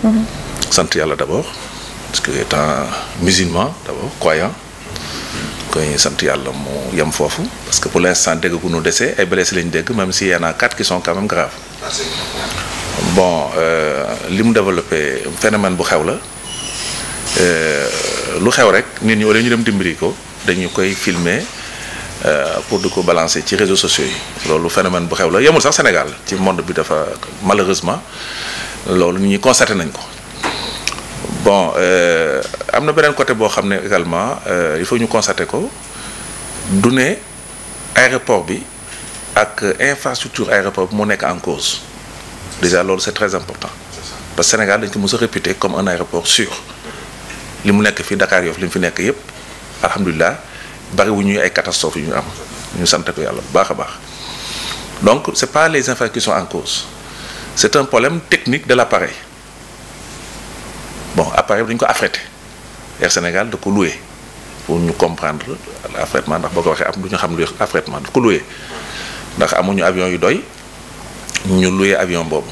Mhm. sant yàlla d'abord parce que étant musulman d'abord croyant koy sant yàlla mu yem foofu parce que pour l'instant dégg ku nu dese ay blessés lañu dégg même si y en a quatre qui sont quand même graves bon euh, li mu développé phénomène bu xew la euh, lu xew rek nit ñi wala ñu dem dimbali ko dañu koy filmer euh, pour di ko balancer ci réseaux sociaux yi loolu phénomène bu xew la yemul sax Sénégal ci monde bi dafa malheureusement loolu ñu ñi nañ ko bon euh, am na beneen côté boo xam ne également euh, il faut ñu constaté ko du ne aéroport bi ak infrastructure aéroport bi moo nekk en cause déjà loolu c'est très important parce que Sénégal dañ ko mos a réputé comme un aéroport sûr li mu nekk fii Dakar Yoff li mu fi nekk yépp alhamdulilah bari wu ay catastrophe yu ñu am ñu sant ko yàlla bu baax a baax donc c'est pas les infrastructures qui sont en cause c'est un problème technique de l'appareil bon appareil bi dañu ko affrété Air Sénégal da ko loué pour ñu comprendre affrètement ndax boo ko waxee am du ñu xam lu affrètement daf ko ndax amuñu avion yu doy ñu loué avion boobu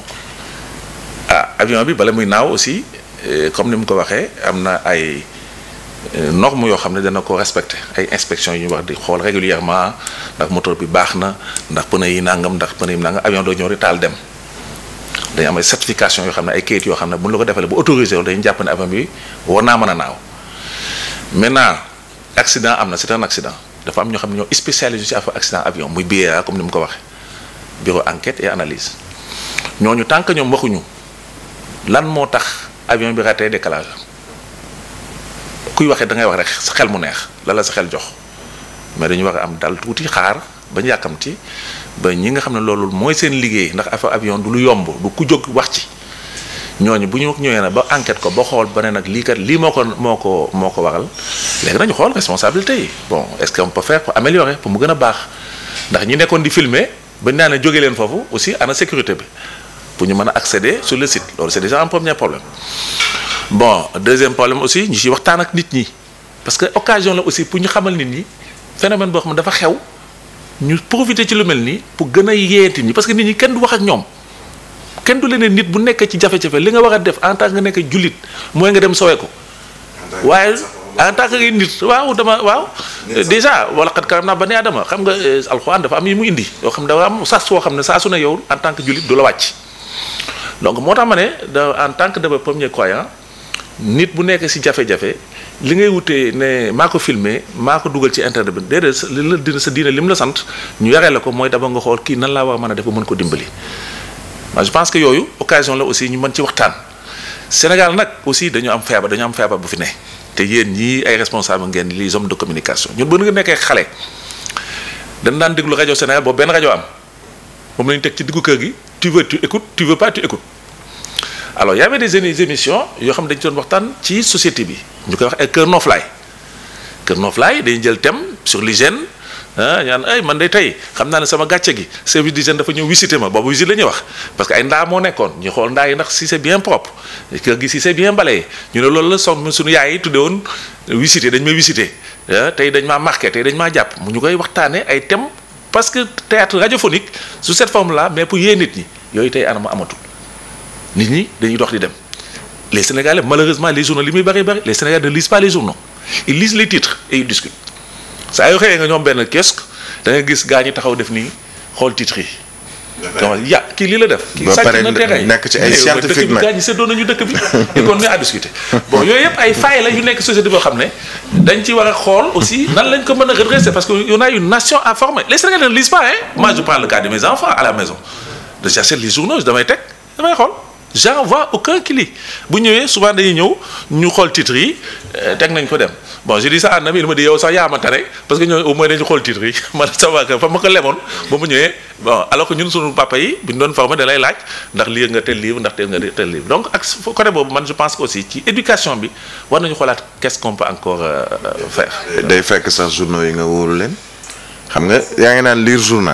ah avion bi bala muy naaw aussi eh, comme ni mu ko waxee am na ay eh, normes yoo xam ne dana ko respecté ay inspection yu ñu wax di xool régulièrement ndax moteur bi baax na ndax pneu yi nangam ndax pneu yi nangam avion doo ñoo rek taal dem dañu am ay certification yoo xam ne ay kayit yoo xam ne bu ñu la ko defalee bu autorisé wul dañu jàpp ne avion bi war naa mën a naaw maintenant accident am na c'est un accident dafa am ñoo xam ne ñoo spécialisé ci affaire accident avion muy BA comme ni mu ko waxee bureau enquête et analyse ñooñu tant que ñoom waxuñu lan moo tax avion bi raté décalage kuy waxee da ngay wax rek sa xel mu neex la la sa xel jox. mais dañu war a am dal tuuti xaar bañ yàkkamti ba ñi nga xam ne loolu mooy seen liggéey ndax affaire avion du lu yomb du ku jóg wax ci ñooñu bu ñu ñëwee na ba enquête ko ba xool ba nag lii kat lii moo ko moo ko moo ko waral léegi xool responsabilité bon est-ce qu'on peut faire pour améliorer mu gën a baax ndax ñi nekkoon di filmer bañ naa ne jóge leen foofu aussi ana sécurité bi pour ñu mën a accéder sur le site loolu c'est déjà un problème bon deuxième problème aussi ñu ci waxtaan ak nit ñi parce que occasion la aussi pour ñu xamal nit ñi. phénomène boo xam ne dafa xew ñu profité ci lu mel nii pour gën a yeeti ñi parce que nit ñi kenn du wax ak ñoom kenn du leneen nit bu nekk ci jafe-jafe li nga wax a def en tant que nekk jullit mooy nga dem sowe ko waaye en tant que nit waaw dama waaw déjà wala xat karam naa bani adama xam nga euh, alxuraan dafa am yi mu indi yoo xam ne dafa am sas soo xam ne saa su ne yow en tant que jullit du la wàcc donc moo tax ma ne da en tant que de premier croyant nit bu nekk ci jafe-jafe li ngay wutee ne maa ko filmé maa ko dugal ci internet bi déedéet li la dina sa diine lim la sant ñu yaree la ko mooy daba nga xool kii nan laa war man a def ba mën ko dimbali. waaw je pense que yooyu occasion la aussi ñu mën ci waxtaan Sénégal nag aussi dañu am feebar dañu am feebar bu fi ne te yéen ñii ay responsable ngeen les hommes de communication ñun bu nga nekkee xale dañ daan déglu rajo Sénégal boobu benn rajo am moom la teg ci diggu kër gi tu veux tu écoutes alors y avait des émissions yoo xam dañ doon waxtaan ci société bi ñu koy wax ay Kër Noflaay Kër Noflaay dañuy jël thème sur l'hygiène ah ñaan ay man de tey xam naa ne sama gàcce gi service d'hygiène dafa ñëw visiter ma boobu visite la ñuy wax parce que ay ndaa moo nekkoon ñu xool ndaa yi ndax si c'est bien propre kër gi si c'est bien balayé ñu ne loolu la son suñu yaay yi tuddee woon visiter dañ may visiter tey dañ maa marqué tey dañ maa jàpp mu ñu koy waxtaanee ay thèmes parce que théâtre radiophonique sous cette forme là mais pour yee nit ñi yooyu tey anama amatul nit ñi dañuy dox di dem les sénégalais malheureusement les journaux li muy bari bari les sénégalais ne lisent pas les journaux ils lisent les gis gaa ñi taxaw def nii xool titres yi. ya kii lii la def. kii sàcc na terrain nekk ci ay nekk société xam ne dañ ci war a xool aussi nan lañ que on a une nation à former les Sénégalais ne la maison de chercher les journaux damay teg damay xool j'en vois aucun qui lit bu ñëwee souvent dañuy ñëw ñu xool titre yi euh, teg nañ ko dem bon je dis ça à Nabil ma di yow sax yaa ma parce que ñoo au moins dañu xool titre yi man ça va que fa ma ko lemoon ba mu ñëwee bon alors que ñun sunu papa yi bu ñu doon formé da lii nga tel livre ndax tel nga tel livre donc ak côté boobu man je pense que aussi ci éducation bi war nañu xoolaat qu'est-ce encore euh, faire. day fekk sax journaux yi nga wóoru leen xam nga yaa ngi naan liir journal.